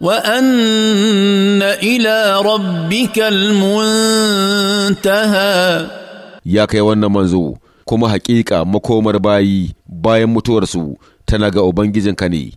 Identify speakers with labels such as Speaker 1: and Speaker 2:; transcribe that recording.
Speaker 1: وان الى ربك المنتهى
Speaker 2: ya kai wannan manzo kuma haƙiƙa makomar bayi bayan mutuwarsu tana ga ubangijinka ne